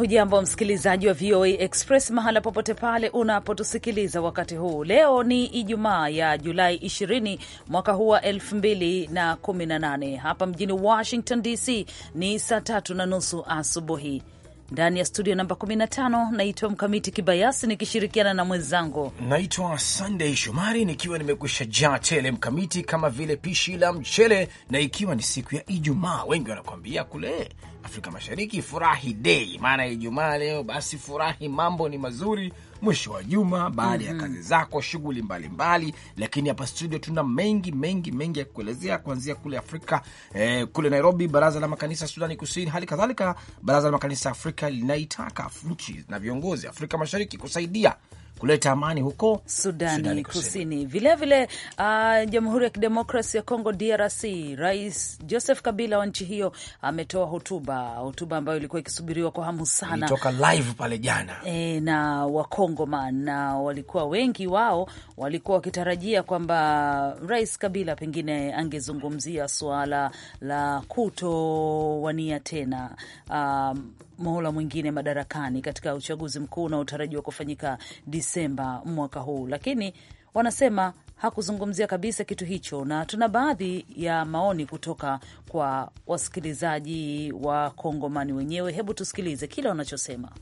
Hujambo msikilizaji wa VOA Express mahala popote pale unapotusikiliza wakati huu. Leo ni Ijumaa ya Julai 20 mwaka huu wa 2018. Hapa mjini Washington DC ni saa tatu na nusu asubuhi ndani ya studio namba 15, naitwa Mkamiti Kibayasi nikishirikiana na mwenzangu naitwa Sunday Shomari nikiwa nimekwisha jaa tele Mkamiti, kama vile pishi la mchele, na ikiwa ni siku ya Ijumaa, wengi wanakuambia kule Afrika Mashariki furahi dei, maana ya Ijumaa leo, basi furahi, mambo ni mazuri, mwisho wa juma baada mm -hmm. ya mhm. kazi zako, shughuli mbalimbali. Lakini hapa studio tuna mengi mengi mengi ya kuelezea, kuanzia kule Afrika eh, kule Nairobi, baraza la makanisa Sudani Kusini, hali kadhalika baraza la makanisa Afrika linaitaka nchi na viongozi Afrika Mashariki kusaidia kuleta amani huko Sudani, Sudani Kusini. Vilevile uh, ah, Jamhuri ya Kidemokrasi ya Kongo DRC, Rais Joseph Kabila wa nchi hiyo ametoa hotuba, hotuba ambayo ilikuwa ikisubiriwa kwa hamu sana, toka live pale jana e, na Wakongoman na walikuwa wengi wao walikuwa wakitarajia kwamba Rais Kabila pengine angezungumzia suala la kutowania tena um, muhula mwingine madarakani katika uchaguzi mkuu unaotarajiwa kufanyika Disemba mwaka huu, lakini wanasema hakuzungumzia kabisa kitu hicho, na tuna baadhi ya maoni kutoka kwa wasikilizaji wa Kongomani wenyewe. Hebu tusikilize kile wanachosema.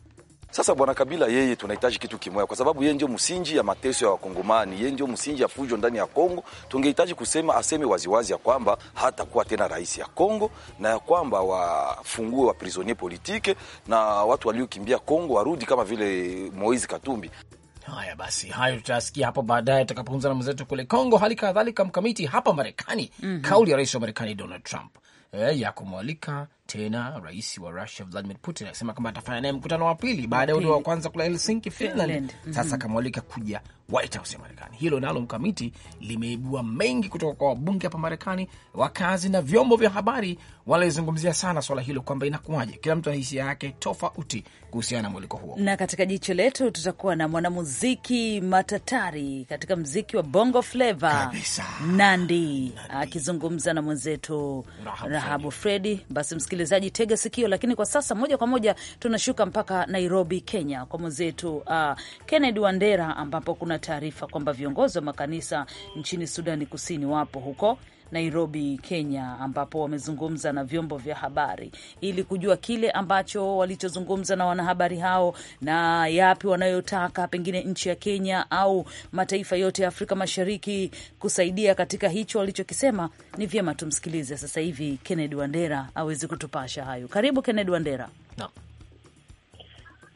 Sasa bwana Kabila yeye tunahitaji kitu kimoja, kwa sababu yeye ndio msingi ya mateso ya Wakongomani, yeye ndio msingi ya fujo ndani ya Kongo. Tungehitaji kusema aseme waziwazi ya kwamba hatakuwa tena rais ya Kongo na ya kwamba wafungue wa prisonier politike na watu waliokimbia Kongo warudi kama vile Moizi Katumbi. Haya basi, hayo tutayasikia hapo baadaye tutakapoungana na mwenzetu kule Kongo. Hali kadhalika mkamiti hapa Marekani, mm -hmm. kauli ya rais wa Marekani Donald Trump eh, ya kumwalika tena rais wa Russia Vladimir Putin akisema kwamba atafanya naye mkutano wa pili baada ya ule wa kwanza kula Helsinki, Finland. Finland. Mm-hmm. Sasa mm -hmm. akamwalika kuja White House ya Marekani. Hilo nalo mkamiti limeibua mengi kutoka kwa wabunge hapa Marekani, wakazi na vyombo vya habari walizungumzia sana swala hilo kwamba inakuwaje, kila mtu ana hisia yake tofauti kuhusiana na mwaliko huo. Na katika jicho letu tutakuwa na mwanamuziki matatari katika mziki wa bongo flava Nandi akizungumza na mwenzetu Rahabu Fredi. Basi msikilizaji, tega sikio. Lakini kwa sasa moja kwa moja tunashuka mpaka Nairobi, Kenya, kwa mwenzetu uh, Kennedy Wandera, ambapo kuna taarifa kwamba viongozi wa makanisa nchini Sudani Kusini wapo huko Nairobi, Kenya, ambapo wamezungumza na vyombo vya habari ili kujua kile ambacho walichozungumza na wanahabari hao na yapi wanayotaka pengine nchi ya Kenya au mataifa yote ya Afrika Mashariki kusaidia katika hicho walichokisema. Ni vyema tumsikilize sasa hivi Kennedy Wandera aweze kutupasha hayo. Karibu Kennedy Wandera.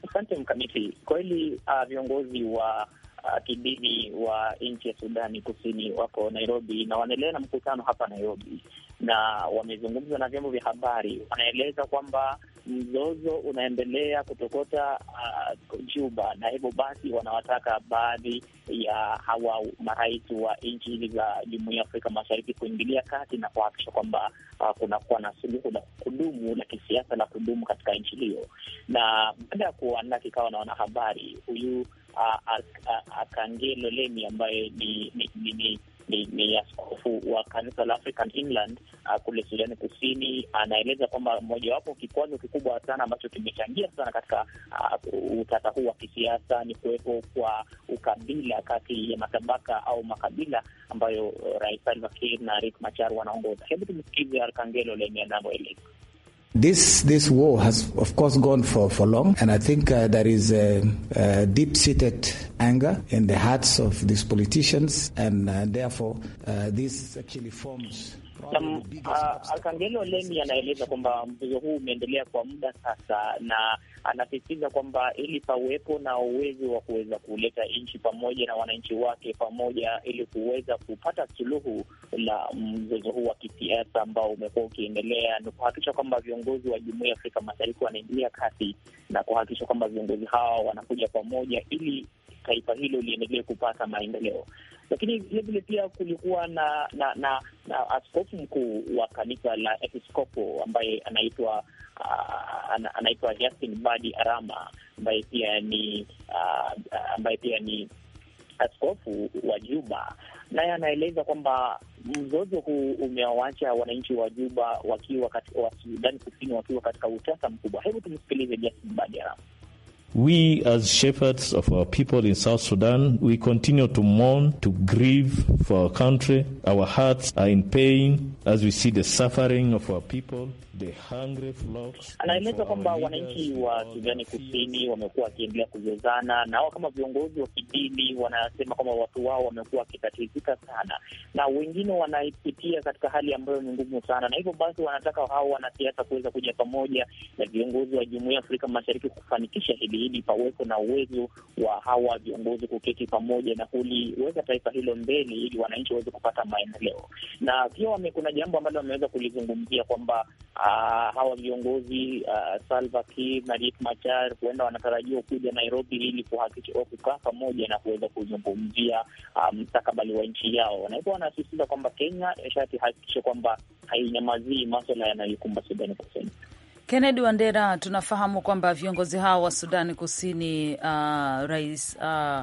Asante no. Mkamiti, kweli uh, viongozi wa uh, kidini wa nchi ya Sudani Kusini wako Nairobi na wanaendelea na mkutano hapa Nairobi, na wamezungumza na vyombo vya habari, wanaeleza kwamba mzozo unaendelea kutokota uh, Juba, na hivyo basi wanawataka baadhi ya hawa marais wa nchi hizi za Jumuiya ya Afrika Mashariki kuingilia kati na kuhakikisha kwamba uh, kunakuwa na suluhu la kudumu la kisiasa la kudumu katika nchi hiyo. Na baada ya kuandaa kikao na wanahabari, huyu Akangelo Lemi ambaye ni, ni, ni, ni ni, ni askofu wa kanisa la African Inland kule Sudani Kusini, anaeleza kwamba mojawapo kikwazo kikubwa sana ambacho kimechangia sana katika uh, utata huu wa kisiasa ni kuwepo kwa ukabila kati ya matabaka au makabila ambayo Rais Salva Kiir na Riek Machar wanaongoza. Hebu tumsikize Arkangelo Lemi anavyoeleza. This this war has of course gone for, for long, and I think uh, there is a, a deep-seated anger in the hearts of these politicians, and uh, therefore uh, this actually forms Uh, ah, Arkangelo Lemi anaeleza kwamba mzozo huu umeendelea kwa muda sasa, na anasisitiza kwamba ili pawepo na uwezo wa kuweza kuleta nchi pamoja na wananchi wake pamoja, ili kuweza kupata suluhu la mzozo huu wa kisiasa ambao umekuwa ukiendelea, ni kuhakikisha kwamba viongozi wa Jumuiya ya Afrika Mashariki wanaingilia kati na kuhakikisha kwamba viongozi hawa wanakuja pamoja ili taifa hilo liendelee kupata maendeleo. Lakini vilevile pia kulikuwa na na, na, na askofu mkuu wa kanisa la Episkopo ambaye anaitwa uh, anaitwa Justin Badi Arama ambaye pia ni uh, ambaye pia ni askofu wa Juba naye anaeleza kwamba mzozo huu umewawacha wananchi wa Juba wakiwa wa Sudani Kusini wakiwa katika utasa mkubwa. Hebu tumsikilize Justin Badi Arama. We, as shepherds of our people in South Sudan, we continue to mourn, to grieve for our country. Our hearts are in pain as we see the suffering of our people. Anaeleza kwamba wananchi wa Sudani Kusini wamekuwa wakiendelea kuzozana, na wao kama viongozi wa kidini wanasema kwamba watu wao wamekuwa wakitatizika sana, na wengine wanaipitia katika hali ambayo ni ngumu sana, na hivyo basi wanataka hao wanasiasa kuweza kuja pamoja na viongozi wa Jumuiya ya Afrika Mashariki kufanikisha hili hili, pawepo na uwezo wa hawa viongozi kuketi pamoja na kuliweka taifa hilo mbele, ili wananchi waweze kupata maendeleo. Na pia kuna jambo ambalo wameweza kulizungumzia kwamba uh, uh, hawa viongozi uh, Salva Kiir na Riek Machar huenda wanatarajiwa kuja Nairobi ili kuhakikisha kukaa pamoja na kuweza kuzungumzia ah, mstakabali um, wa nchi yao, na hivyo wanasisitiza kwamba Kenya shati hakikisha kwamba hainyamazii maswala yanayoikumba Sudani Kusini. Kennedy Wandera, tunafahamu kwamba viongozi hao wa Sudani Kusini, uh, rais uh,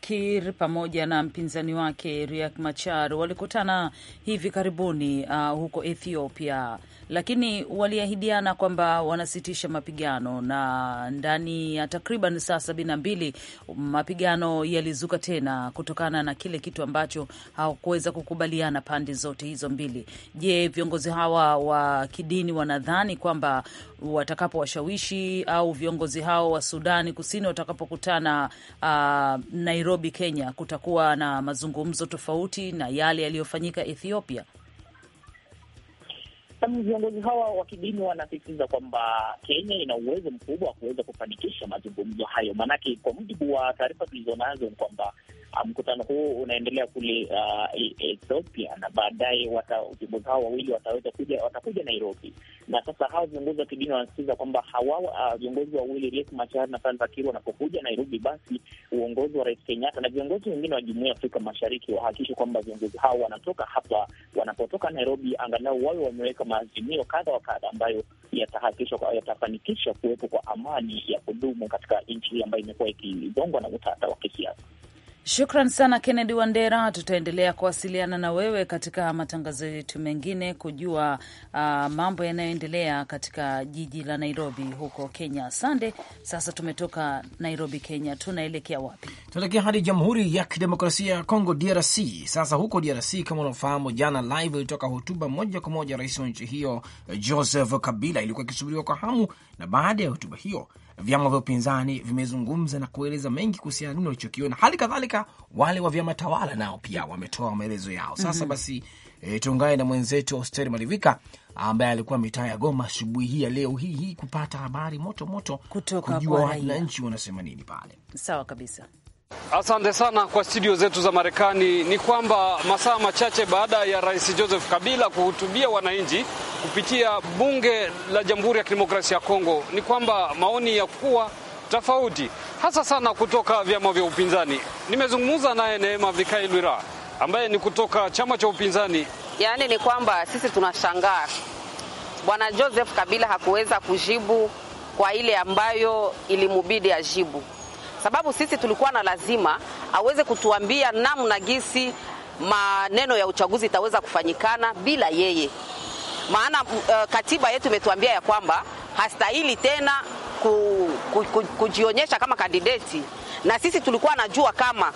Kir pamoja na mpinzani wake riak Machar walikutana hivi karibuni uh, huko Ethiopia lakini waliahidiana kwamba wanasitisha mapigano, na ndani ya takriban saa sabini na mbili mapigano yalizuka tena kutokana na kile kitu ambacho hawakuweza kukubaliana pande zote hizo mbili. Je, viongozi hawa wa kidini wanadhani kwamba watakapowashawishi au viongozi hao wa Sudani Kusini watakapokutana uh, Nairobi, Kenya, kutakuwa na mazungumzo tofauti na yale yaliyofanyika Ethiopia? Viongozi hawa wa kidini wanasisitiza kwamba Kenya ina uwezo mkubwa wa kuweza kufanikisha mazungumzo hayo, maanake kwa mujibu wa taarifa tulizonazo ni kwamba uh, mkutano huu unaendelea kule uh, e-, Ethiopia na baadaye viongozi hao wawili wataweza kuja watakuja Nairobi na sasa hawa viongozi wa kidini wanasisitiza kwamba hawa ah, viongozi wawili Riek Machar na Salva Kiir wanapokuja Nairobi, basi uongozi wa Rais Kenyatta na viongozi wengine wa Jumuiya ya Afrika Mashariki wahakikishe kwamba viongozi hao wanatoka hapa, wanapotoka Nairobi, angalau wawe wameweka maazimio kadha wa kadha ambayo yatahakikisha yatafanikisha kuwepo kwa amani ya kudumu katika nchi hii ambayo imekuwa ikizongwa na utata wa kisiasa. Shukran sana Kennedy Wandera, tutaendelea kuwasiliana na wewe katika matangazo yetu mengine kujua uh, mambo yanayoendelea katika jiji la Nairobi huko Kenya. sande Sasa tumetoka Nairobi, Kenya, tunaelekea wapi? Tunaelekea hadi Jamhuri ya Kidemokrasia ya Kongo, DRC. Sasa huko DRC, kama unaofahamu, jana live ilitoka hotuba moja kwa moja rais wa nchi hiyo Joseph Kabila, ilikuwa ikisubiriwa kwa hamu, na baada ya hotuba hiyo vyama vya upinzani vimezungumza na kueleza mengi kuhusiana nini walichokiona. Hali kadhalika wale wa vyama tawala nao pia wametoa maelezo yao. Sasa mm -hmm. basi E, tuungane na mwenzetu Oster Malivika ambaye alikuwa mitaa ya Goma asubuhi hii ya leo hii hii kupata habari moto moto kutoka kujua wananchi wanasema nini pale. Sawa kabisa. Asante sana kwa studio zetu za Marekani. Ni kwamba masaa machache baada ya Rais Joseph Kabila kuhutubia wananchi kupitia bunge la Jamhuri ya Kidemokrasia ya Kongo, ni kwamba maoni ya kuwa tofauti hasa sana kutoka vyama vya upinzani. Nimezungumza naye Neema Vikai Lwira ambaye ni kutoka chama cha upinzani. Yaani ni kwamba sisi tunashangaa Bwana Joseph Kabila hakuweza kujibu kwa ile ambayo ilimubidi ajibu sababu sisi tulikuwa na lazima aweze kutuambia namna gisi maneno ya uchaguzi itaweza kufanyikana bila yeye, maana uh, katiba yetu imetuambia ya kwamba hastahili tena ku, ku, ku, kujionyesha kama kandideti, na sisi tulikuwa najua kama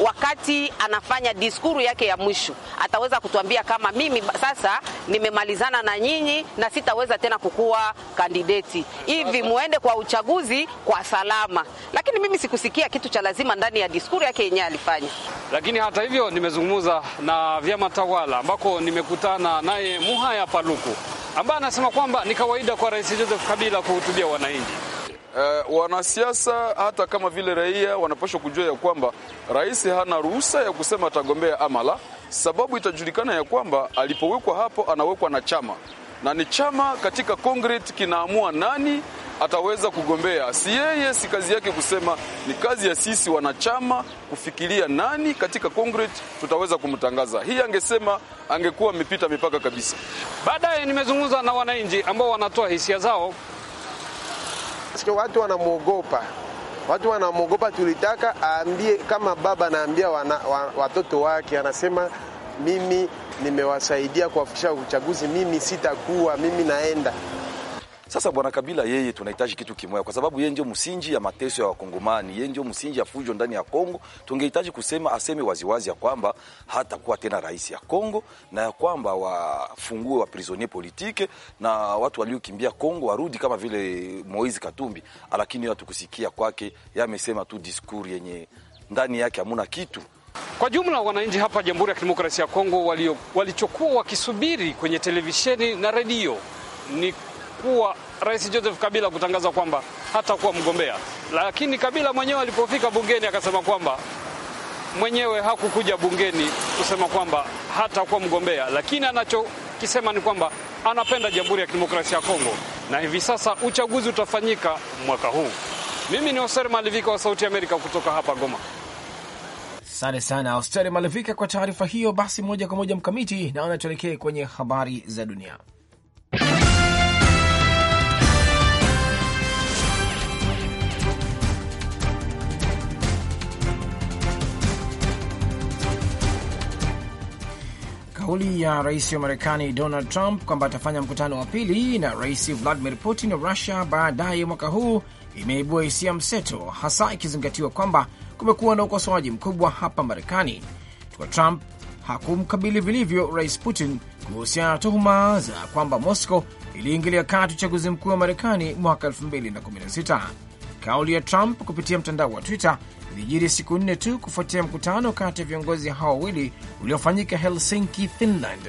wakati anafanya diskuru yake ya mwisho ataweza kutuambia kama mimi sasa nimemalizana na nyinyi na sitaweza tena kukuwa kandideti, hivi muende kwa uchaguzi kwa salama. Lakini mimi sikusikia kitu cha lazima ndani ya diskuru yake yenyewe alifanya. Lakini hata hivyo, nimezungumza na vyama tawala ambako nimekutana naye Muhaya Paluku ambaye anasema kwamba ni kawaida kwa Rais Joseph Kabila kuhutubia wananchi. Uh, wanasiasa hata kama vile raia wanapaswa kujua ya kwamba rais hana ruhusa ya kusema atagombea amala, sababu itajulikana ya kwamba alipowekwa hapo anawekwa na chama, na ni chama katika Congress kinaamua nani ataweza kugombea. Si yeye, si kazi yake kusema, ni kazi ya sisi wanachama kufikiria nani katika Congress tutaweza kumtangaza. Hii angesema angekuwa amepita mipaka kabisa. Baadaye nimezungumza na wananchi ambao wanatoa hisia zao paske watu wanamwogopa, watu wanamwogopa. Tulitaka aambie kama baba anaambia wana, watoto wake, anasema mimi nimewasaidia kuafikisha uchaguzi, mimi sitakuwa, mimi naenda sasa bwana Kabila yeye tunahitaji kitu kimoja, kwa sababu yeye ndio msingi ya mateso ya Wakongomani, yeye ndio msingi ya fujo ndani ya Kongo. Tungehitaji kusema aseme waziwazi ya kwamba hatakuwa tena rais ya Kongo na ya kwamba wafungue wa prisonier politike na watu waliokimbia Kongo warudi kama vile Moizi Katumbi. Lakini hatukusikia kwake, yamesema tu diskuri yenye ndani yake hamuna kitu. Kwa jumla wananchi hapa Jamhuri ya Kidemokrasia ya Kongo walichokuwa wakisubiri kwenye televisheni na redio ni kuwa Rais Joseph Kabila kutangaza kwamba hatakuwa mgombea, lakini Kabila mwenyewe alipofika bungeni akasema kwamba mwenyewe hakukuja bungeni kusema kwamba hatakuwa mgombea, lakini anachokisema ni kwamba anapenda Jamhuri ya Kidemokrasia ya Kongo na hivi sasa uchaguzi utafanyika mwaka huu. Mimi ni Hoser Malivika wa Sauti Amerika kutoka hapa Goma. Asante sana Hoser Malivika kwa taarifa hiyo. Basi moja kwa moja mkamiti, naona tuelekee kwenye habari za dunia. kauli ya rais wa Marekani Donald Trump kwamba atafanya mkutano wa pili na rais Vladimir Putin wa Rusia baadaye mwaka huu imeibua hisia mseto, hasa ikizingatiwa kwamba kumekuwa na ukosoaji mkubwa hapa Marekani kwa Trump hakumkabili vilivyo rais Putin kuhusiana na tuhuma za kwamba Moscow iliingilia kati uchaguzi mkuu wa Marekani mwaka 2016. Kauli ya Trump kupitia mtandao wa Twitter ilijiri siku nne tu kufuatia mkutano kati ya viongozi hao wawili uliofanyika Helsinki, Finland.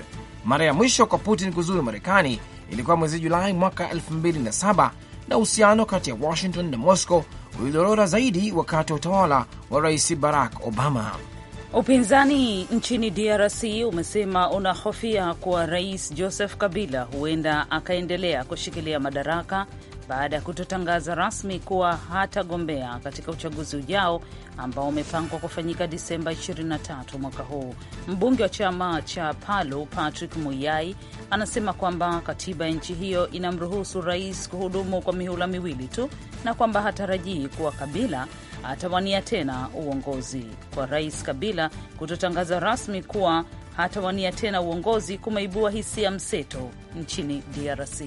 Mara ya mwisho kwa Putin kuzuru Marekani ilikuwa mwezi Julai mwaka 2007 na uhusiano kati ya Washington na Moscow ulidorora zaidi wakati wa utawala wa Rais Barack Obama. Upinzani nchini DRC umesema unahofia kuwa Rais Joseph Kabila huenda akaendelea kushikilia madaraka baada ya kutotangaza rasmi kuwa hatagombea katika uchaguzi ujao ambao umepangwa kufanyika Disemba 23 mwaka huu. Mbunge wa chama cha Palu Patrick Muyai anasema kwamba katiba ya nchi hiyo inamruhusu rais kuhudumu kwa mihula miwili tu na kwamba hatarajii kuwa Kabila atawania tena uongozi. Kwa Rais Kabila kutotangaza rasmi kuwa hatawania tena uongozi kumeibua hisia mseto nchini DRC.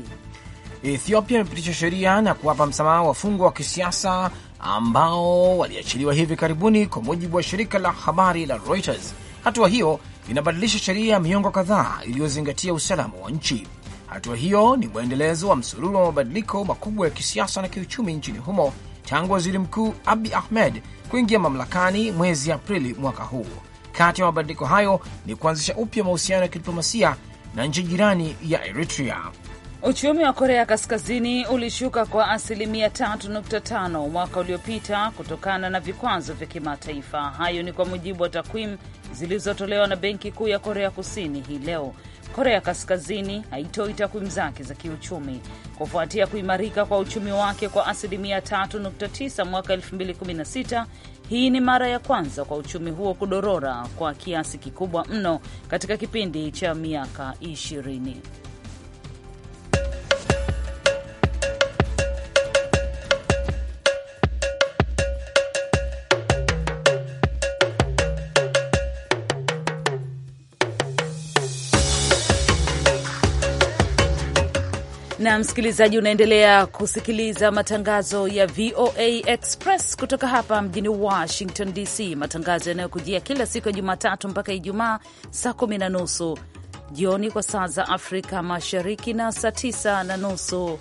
Ethiopia imepitisha sheria na kuwapa msamaha wafungwa wa kisiasa ambao waliachiliwa hivi karibuni, kwa mujibu wa shirika la habari la Reuters. Hatua hiyo inabadilisha sheria ya miongo kadhaa iliyozingatia usalama wa nchi. Hatua hiyo ni mwendelezo wa msururu wa mabadiliko makubwa ya kisiasa na kiuchumi nchini humo tangu waziri mkuu Abi Ahmed kuingia mamlakani mwezi Aprili mwaka huu. Kati ya mabadiliko hayo ni kuanzisha upya mahusiano ya kidiplomasia na nchi jirani ya Eritrea. Uchumi wa Korea Kaskazini ulishuka kwa asilimia 3.5 mwaka uliopita kutokana na vikwazo vya kimataifa. Hayo ni kwa mujibu wa takwimu zilizotolewa na Benki Kuu ya Korea Kusini hii leo. Korea Kaskazini haitoi takwimu zake za kiuchumi kufuatia kuimarika kwa uchumi wake kwa asilimia 3.9 mwaka 2016. Hii ni mara ya kwanza kwa uchumi huo kudorora kwa kiasi kikubwa mno katika kipindi cha miaka ishirini na msikilizaji, unaendelea kusikiliza matangazo ya VOA Express kutoka hapa mjini Washington DC, matangazo yanayokujia kila siku ya Jumatatu mpaka Ijumaa saa kumi na nusu jioni kwa saa za Afrika Mashariki na saa tisa na nusu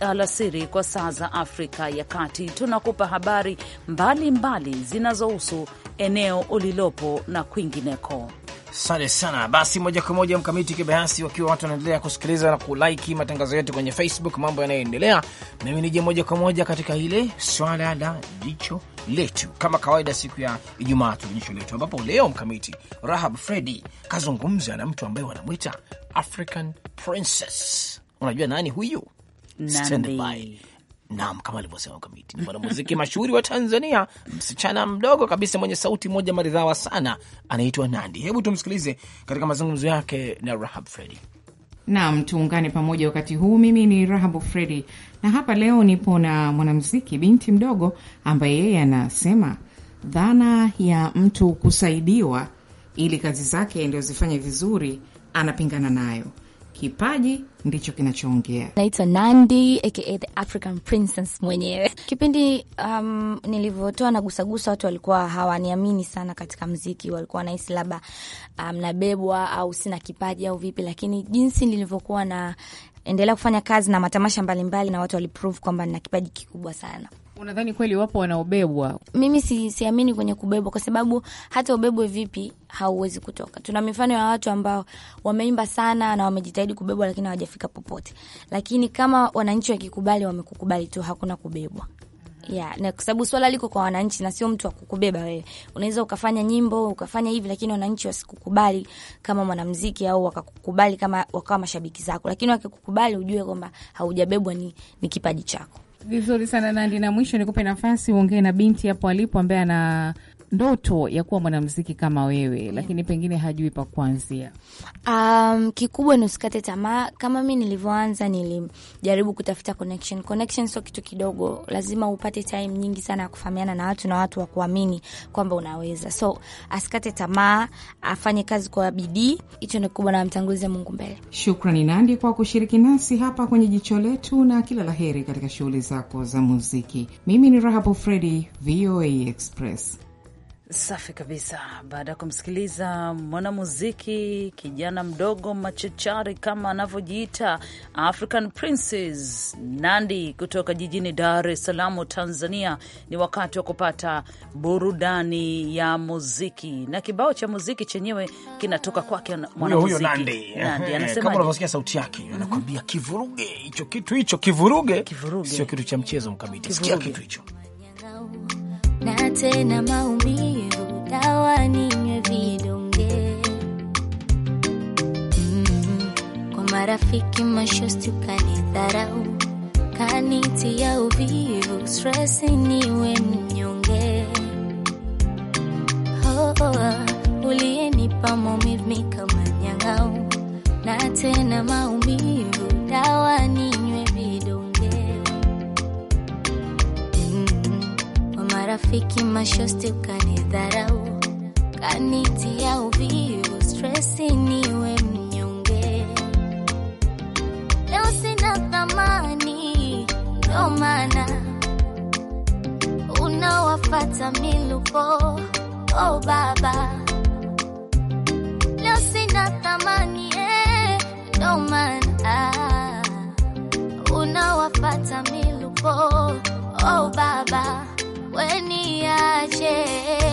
alasiri kwa saa za Afrika ya Kati. Tunakupa habari mbalimbali zinazohusu eneo ulilopo na kwingineko. Asante sana. Basi moja kwa moja mkamiti kibayasi, wakiwa watu wanaendelea kusikiliza na kulike matangazo yetu kwenye Facebook, mambo yanayoendelea. Mimi nije moja kwa moja katika ile swala la jicho letu, kama kawaida, siku ya Ijumaa tu jicho letu, ambapo leo mkamiti Rahab Fredi kazungumza na mtu ambaye wanamwita African Princess. Unajua nani huyu? Stand by. Naam, kama alivyosema Kamiti, ni mwanamuziki mashuhuri wa Tanzania, msichana mdogo kabisa mwenye sauti moja maridhawa sana, anaitwa Nandi. Hebu tumsikilize katika mazungumzo yake na Rahab Fredi. Naam, tuungane pamoja wakati huu. Mimi ni Rahabu Fredi na hapa leo nipo na mwanamuziki binti mdogo ambaye yeye anasema dhana ya mtu kusaidiwa ili kazi zake ndio zifanye vizuri anapingana nayo. Kipaji ndicho kinachoongea. Naitwa Nandi aka the African Princess mwenyewe. Kipindi um, nilivyotoa na gusagusa, watu walikuwa hawaniamini sana katika mziki, walikuwa nahisi labda um, nabebwa au sina kipaji au vipi, lakini jinsi nilivyokuwa na endelea kufanya kazi na matamasha mbalimbali mbali, na watu waliprove kwamba nina kipaji kikubwa sana. Unadhani kweli wapo wanaobebwa? Mimi si, siamini kwenye kubebwa, kwa sababu hata ubebwe vipi hauwezi kutoka. Tuna mifano ya watu ambao wameimba sana na wamejitahidi kubebwa, lakini hawajafika popote. Lakini kama wananchi wakikubali, wamekukubali tu, hakuna kubebwa. ya mm-hmm. Yeah, na kwa sababu swala liko kwa wananchi na sio mtu akukubeba wewe. Unaweza ukafanya nyimbo, ukafanya hivi lakini wananchi wasikukubali kama mwanamuziki au wakakukubali kama wakawa mashabiki zako. Lakini wakikukubali ujue kwamba haujabebwa ni, ni kipaji chako. Vizuri sana Nandi, na mwisho nikupe nafasi uongee na binti hapo alipo ambaye ana ndoto ya kuwa mwanamuziki kama wewe yeah, lakini pengine hajui pa kuanzia? Um, kikubwa ni usikate tamaa. Kama mi nilivyoanza, nilijaribu kutafuta connection. Connection sio kitu kidogo, lazima upate time nyingi sana ya kufahamiana na watu na watu wa kuamini kwamba unaweza. So asikate tamaa, afanye kazi kwa bidii, hicho ni kubwa, na mtangulize Mungu mbele. Shukrani Nandi kwa kushiriki nasi hapa kwenye Jicho Letu, na kila la heri katika shughuli zako za muziki. Mimi ni Rahabu Fredi, VOA Express. Safi kabisa. Baada ya kumsikiliza mwanamuziki kijana mdogo machachari kama anavyojiita African Princess Nandi kutoka jijini Dar es Salaam, Tanzania, ni wakati wa kupata burudani ya muziki, na kibao cha muziki chenyewe kinatoka kwake mwanamuziki Nandi. Nandi eh, anasema kama unavyosikia sauti yake, anakuambia kivuruge hicho kitu, hicho kivuruge, sio kitu cha mchezo mkamiti, sikia kitu hicho na tena maumivu, dawa ninywe vidonge. mm Kwa marafiki mashosti ukanidharau, kanitia uvivu, stress niwe mnyonge. oh, oh, uliyenipa maumivu kama nyang'au, na tena maumivu, dawa ninywe marafiki mashosti, ukanidharau, kanitia uvivu, stresi niwe mnyonge. Leo sina thamani, ndo maana unawafata milupo. Oh baba, leo sina thamani eh, ndo maana unawafata Oh baba weniache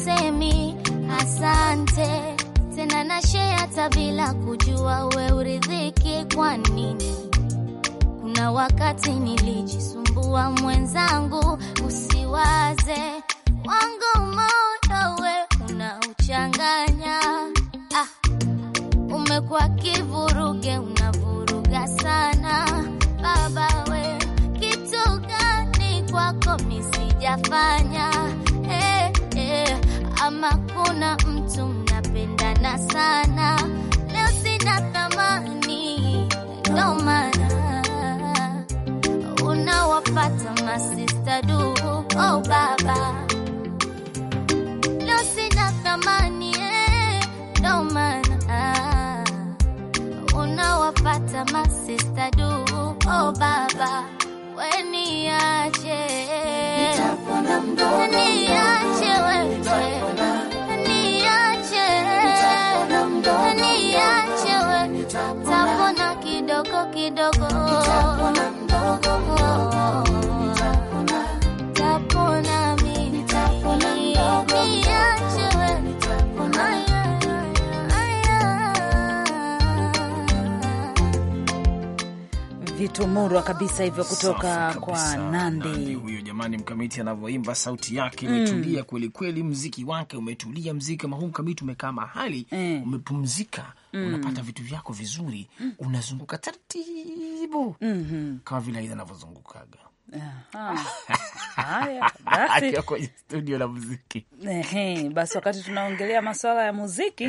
usemi asante tena na share hata bila kujua, we uridhike kwa nini? Kuna wakati nilijisumbua mwenzangu, usiwaze wangu moyo we unauchanganya. Ah, umekuwa kivuruge, unavuruga sana baba we, kitu gani kwako misijafanya ama kuna mtu mnapendana sana? Leo sina thamani, ndo maana unawapata masista du. Oh baba, leo sina thamani, eh, maana unawapata masista du. Oh baba, weni murwa kabisa hivyo kutoka kabisa, kwa Nandi huyo. Jamani, mkamiti anavyoimba sauti yake mm. imetulia mm, kwelikweli. Mziki wake umetulia, mziki kama huu mkamiti, umekaa mahali mm, umepumzika mm, unapata vitu vyako vizuri mm, unazunguka taratibu mm -hmm, kama vile aidha anavyozungukaga basi, akiwa kwenye studio la muziki. basi wakati tunaongelea maswala ya muziki,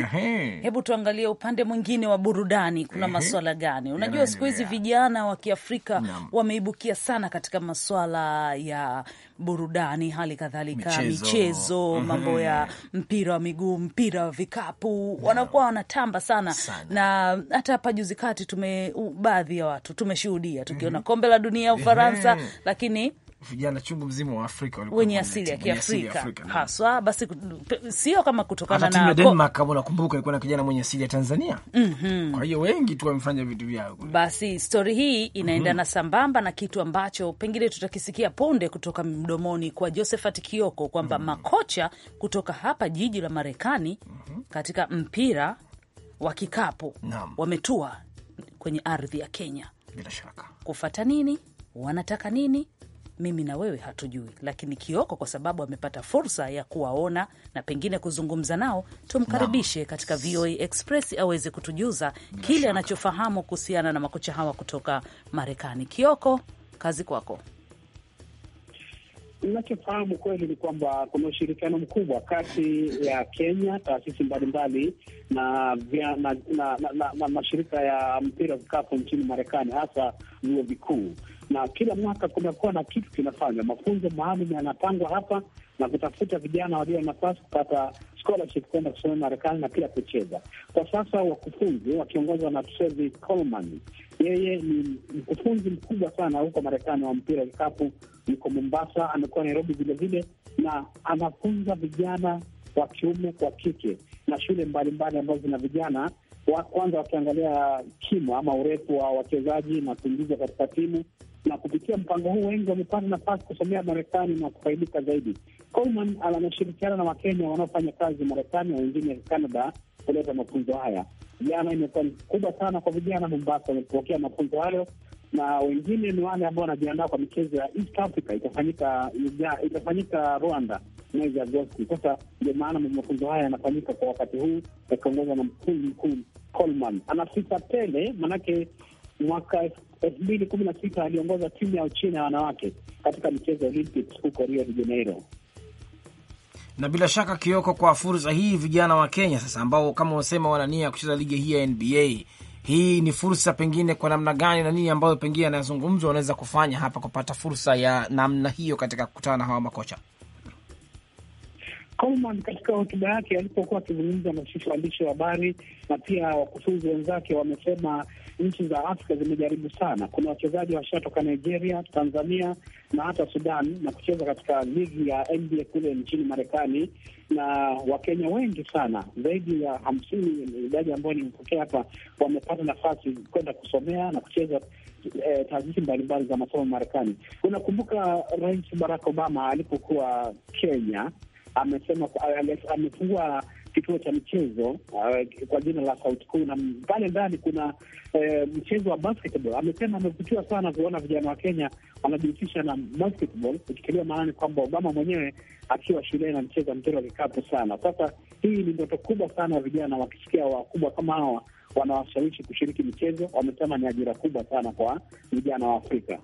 hebu tuangalie upande mwingine wa burudani, kuna maswala gani? Unajua siku hizi vijana wa Kiafrika wameibukia sana katika maswala ya burudani, hali kadhalika michezo, michezo mhm. mambo ya mpira wa miguu, mpira wa vikapu no. Wanakuwa wanatamba sana, sana. Na hata hapa juzi kati tume baadhi ya watu tumeshuhudia tukiona mm -hmm. kombe la dunia ya Ufaransa lakini vijana chungu mzima wa Afrika wenye asili ya Kiafrika haswa, basi sio kama kutokana na Denmark, kama unakumbuka, ilikuwa na kijana mwenye asili ya Tanzania. mm -hmm. Kwa hiyo wengi tu wamefanya vitu vyao. Basi stori hii inaendana mm -hmm. sambamba na kitu ambacho pengine tutakisikia punde kutoka mdomoni kwa Josephat Kioko kwamba mm -hmm. makocha kutoka hapa jiji la Marekani mm -hmm. katika mpira wa kikapu wametua kwenye ardhi ya Kenya. Bila shaka, kufata nini, wanataka nini mimi na wewe hatujui, lakini Kioko kwa sababu amepata fursa ya kuwaona na pengine kuzungumza nao, tumkaribishe katika VOA Express aweze kutujuza kile anachofahamu kuhusiana na makocha hawa kutoka Marekani. Kioko, kazi kwako. Ninachofahamu kweli ni kwamba kuna ushirikiano mkubwa kati ya Kenya, taasisi mbalimbali na na, na, na, na, na mashirika ya mpira wa kikapu nchini Marekani, hasa vyuo vikuu na kila mwaka kumekuwa na kitu kinafanywa, mafunzo maalum yanapangwa hapa na kutafuta vijana walio nafasi kupata scholarship kwenda kusomea Marekani na pia kucheza. Kwa sasa wakufunzi wakiongozwa na Trevi Coleman, yeye ni mkufunzi mkubwa sana huko Marekani wa mpira kikapu, yuko Mombasa, amekuwa Nairobi vilevile, na anafunza vijana wa kiume kwa kike na shule mbalimbali ambazo zina vijana wa kwanza wakiangalia kimo ama urefu wa wachezaji na kuingizwa katika timu na kupitia mpango huu wengi wamepata nafasi kusomea Marekani na kufaidika zaidi. Coleman anashirikiana na Wakenya wanaofanya kazi Marekani na wengine Canada kuleta mafunzo haya. Jana imekuwa ni kubwa sana kwa vijana Mombasa, wamepokea mafunzo hayo na wengine ni wale ambao wanajiandaa kwa michezo ya East Africa itafanyika itafanyika Rwanda mwezi Agosti. Sasa ndio maana mafunzo haya yanafanyika kwa wakati huu yakiongozwa na mkuu mkuu Coleman. Ana tele, manake mwaka elfu elfu mbili kumi na sita aliongoza timu ya Uchina ya wanawake katika michezo ya Olympics huko Rio de Janeiro. Na bila shaka Kioko, kwa fursa hii vijana wa Kenya sasa ambao kama wasema wana nia ya kucheza ligi hii ya NBA, hii ni fursa pengine kwa namna gani na nini ambayo pengine yanazungumzwa wanaweza kufanya hapa kupata fursa ya namna hiyo katika kukutana na hawa makocha? Coleman katika hotuba yake alipokuwa akizungumza na sisi waandishi wa habari na pia wakufunzi wenzake, wamesema nchi za Afrika zimejaribu sana. Kuna wachezaji washatoka Nigeria, Tanzania na hata Sudan na kucheza katika ligi ya NBA kule nchini Marekani, na Wakenya wengi sana zaidi ya hamsini, idadi ambayo nimepokea hapa, wamepata nafasi kwenda kusomea na kucheza eh, taasisi mbalimbali za masomo Marekani. Unakumbuka Rais Barack Obama alipokuwa Kenya amesema amefungua kituo cha michezo uh, kwa jina la Sauti Kuu, na pale ndani kuna eh, mchezo wa basketball. Amesema amevutiwa sana kuona vijana wa Kenya wanajihusisha na basketball, maanani kwamba Obama mwenyewe akiwa shuleni anacheza mpira wa kikapu sana. Sasa hii ni ndoto kubwa sana ya vijana, wakisikia wakubwa kama hawa wanawashawishi kushiriki michezo, wamesema ni ajira kubwa sana kwa vijana wa Afrika.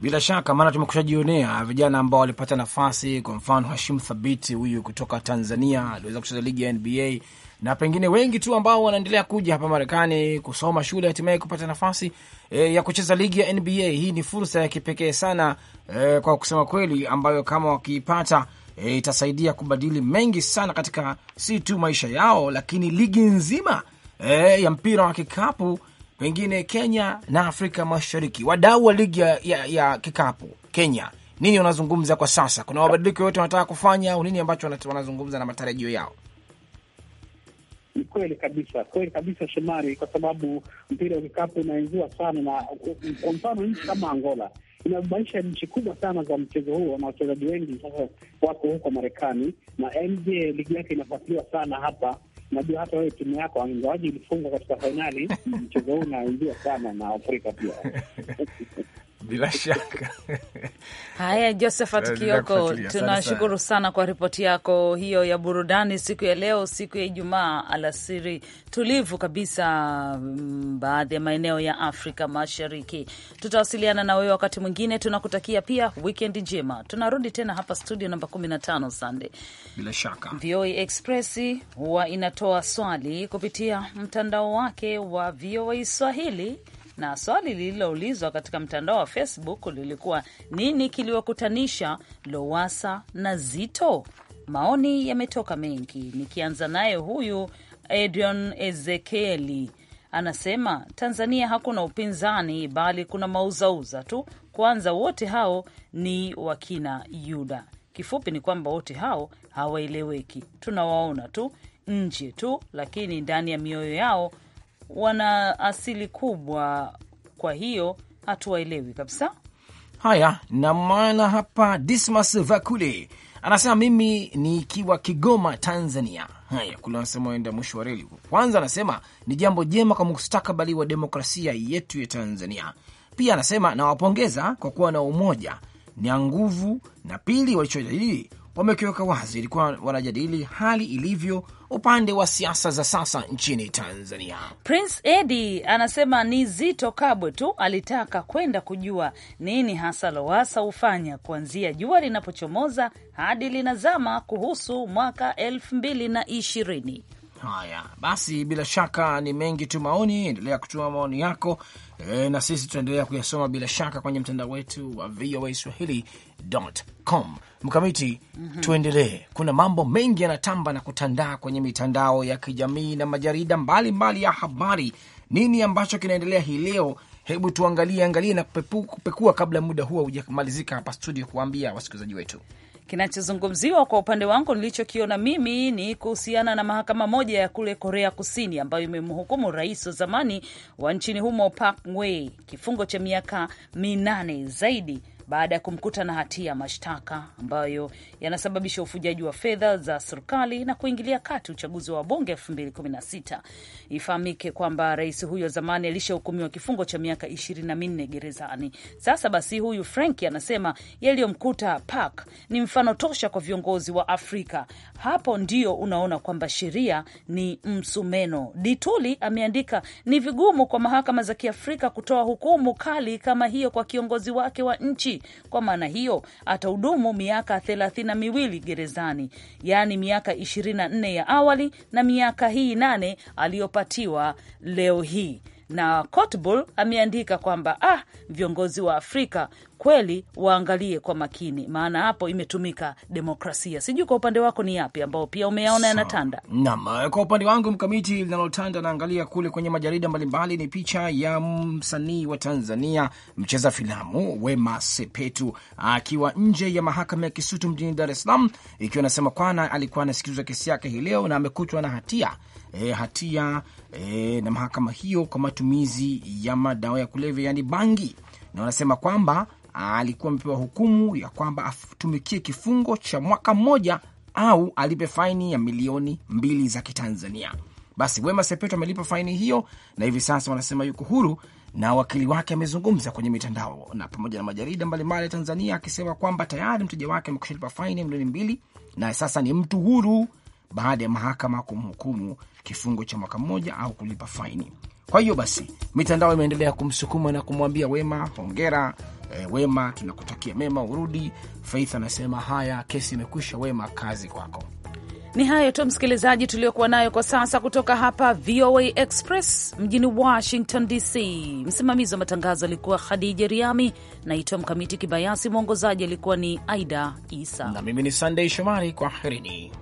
Bila shaka, maana tumekusha jionea vijana ambao walipata nafasi. Kwa mfano, Hashim Thabiti huyu kutoka Tanzania aliweza kucheza ligi ya NBA na pengine wengi tu ambao wanaendelea kuja hapa Marekani kusoma shule, hatimaye kupata nafasi e, ya kucheza ligi ya NBA. Hii ni fursa ya kipekee sana e, kwa kusema kweli, ambayo kama wakiipata e, itasaidia kubadili mengi sana katika si tu maisha yao, lakini ligi nzima e, ya mpira wa kikapu pengine Kenya na Afrika Mashariki, wadau wa ligi ya, ya, ya kikapu Kenya, nini wanazungumza kwa sasa? Kuna mabadiliko yote wanataka kufanya au nini ambacho wanazungumza na matarajio yao? Ni kweli kabisa, kweli kabisa Shomari, kwa sababu mpira wa kikapu unaenziwa sana, na kwa mfano nchi kama Angola inabaisha nchi kubwa sana za mchezo huo, na wachezaji wengi sasa wako huko Marekani na mj ligi yake inafuatiliwa sana hapa Najua hata wewe timu yako ingawaji ilifungwa katika fainali mchezo huu unaingia sana na Afrika pia bila shaka haya, Josephat Kioko, tunashukuru sana kwa ripoti yako hiyo ya burudani siku ya leo, siku ya Ijumaa alasiri tulivu kabisa, mm, baadhi ya maeneo ya Afrika Mashariki. Tutawasiliana na wewe wakati mwingine, tunakutakia pia wkend njema. Tunarudi tena hapa studio namba 15 Sunday. Bila shaka VOA e Express huwa inatoa swali kupitia mtandao wake wa VOA e Swahili na swali lililoulizwa katika mtandao wa Facebook lilikuwa nini kiliwakutanisha Lowasa na Zito? Maoni yametoka mengi, nikianza naye huyu Adrian Ezekieli anasema Tanzania hakuna upinzani, bali kuna mauzauza tu. Kwanza wote hao ni wakina Yuda. Kifupi ni kwamba wote hao hawaeleweki, tunawaona tu nje tu, lakini ndani ya mioyo yao wana asili kubwa, kwa hiyo hatuwaelewi kabisa. Haya, na maana hapa Dismas Vakule anasema mimi nikiwa Kigoma, Tanzania. Haya, kule anasema enda mwisho wa reli. Kwanza anasema ni jambo jema kwa mustakabali wa demokrasia yetu ya Tanzania. Pia anasema nawapongeza kwa kuwa na umoja na nguvu, na pili, walichojadili wamekiweka wazi, ilikuwa wanajadili hali ilivyo upande wa siasa za sasa nchini Tanzania. Prince edi anasema ni Zito Kabwe tu alitaka kwenda kujua nini hasa Lowasa hufanya kuanzia jua linapochomoza hadi linazama kuhusu mwaka elfu mbili na ishirini. Haya basi, bila shaka ni mengi tu maoni. Endelea kutuma maoni yako e, na sisi tutaendelea kuyasoma bila shaka kwenye mtandao wetu wa VOA Swahili.com. Mkamiti, mm -hmm. Tuendelee, kuna mambo mengi yanatamba na kutandaa kwenye mitandao ya kijamii na majarida mbalimbali mbali ya habari. Nini ambacho kinaendelea hii leo? Hebu tuangalie angalie na kupekua kabla muda huo ujamalizika hapa studio, kuwaambia wasikilizaji wetu kinachozungumziwa kwa upande wangu, nilichokiona mimi ni kuhusiana na mahakama moja ya kule Korea Kusini ambayo imemhukumu rais wa zamani wa nchini humo Park Geun-hye kifungo cha miaka minane zaidi baada ya kumkuta na hatia mashtaka ambayo yanasababisha ufujaji wa fedha za serikali na kuingilia kati uchaguzi wa bunge 2016. Ifahamike kwamba rais huyo zamani alishahukumiwa kifungo cha miaka 24 minne gerezani. Sasa basi, huyu Frank anasema yaliyomkuta Park ni mfano tosha kwa viongozi wa Afrika. Hapo ndio unaona kwamba sheria ni msumeno. Dituli ameandika, ni vigumu kwa mahakama za Kiafrika kutoa hukumu kali kama hiyo kwa kiongozi wake wa nchi kwa maana hiyo atahudumu miaka thelathini na miwili gerezani, yaani miaka ishirini na nne ya awali na miaka hii nane aliyopatiwa leo hii na Cotbull ameandika kwamba ah, viongozi wa Afrika kweli waangalie kwa makini, maana hapo imetumika demokrasia. Sijui kwa upande wako ni yapi ambao pia umeyaona yanatanda? Naam, eh, kwa upande wangu mkamiti, linalotanda naangalia kule kwenye majarida mbalimbali ni picha ya msanii wa Tanzania, mcheza filamu Wema Sepetu akiwa nje ya mahakama ya Kisutu mjini Dar es Salaam, ikiwa nasema kwana alikuwa anasikilizwa kesi yake hii leo na amekutwa na hatia e, hatia e, na mahakama hiyo kwa matumizi ya madawa ya kulevya yani bangi, na wanasema kwamba alikuwa amepewa hukumu ya kwamba atumikie kifungo cha mwaka mmoja au alipe faini ya milioni mbili za Kitanzania. Basi Wema Sepetu amelipa faini hiyo na hivi sasa wanasema yuko huru, na wakili wake amezungumza kwenye mitandao na pamoja na majarida mbalimbali ya Tanzania akisema kwamba tayari mteja wake amekushalipa faini milioni mbili na sasa ni mtu huru baada ya mahakama kumhukumu kifungo cha mwaka mmoja au kulipa faini. Kwa hiyo basi, mitandao imeendelea kumsukuma na kumwambia Wema hongera, e, Wema tunakutakia mema urudi. Faith anasema haya, kesi imekwisha, Wema kazi kwako. Ni hayo tu msikilizaji, tuliokuwa nayo kwa sasa kutoka hapa VOA Express mjini Washington DC. Msimamizi wa matangazo alikuwa Khadija Riami, naitwa Mkamiti Kibayasi, mwongozaji alikuwa ni Aida Isa na mimi ni Sandei Shomari. Kwaherini.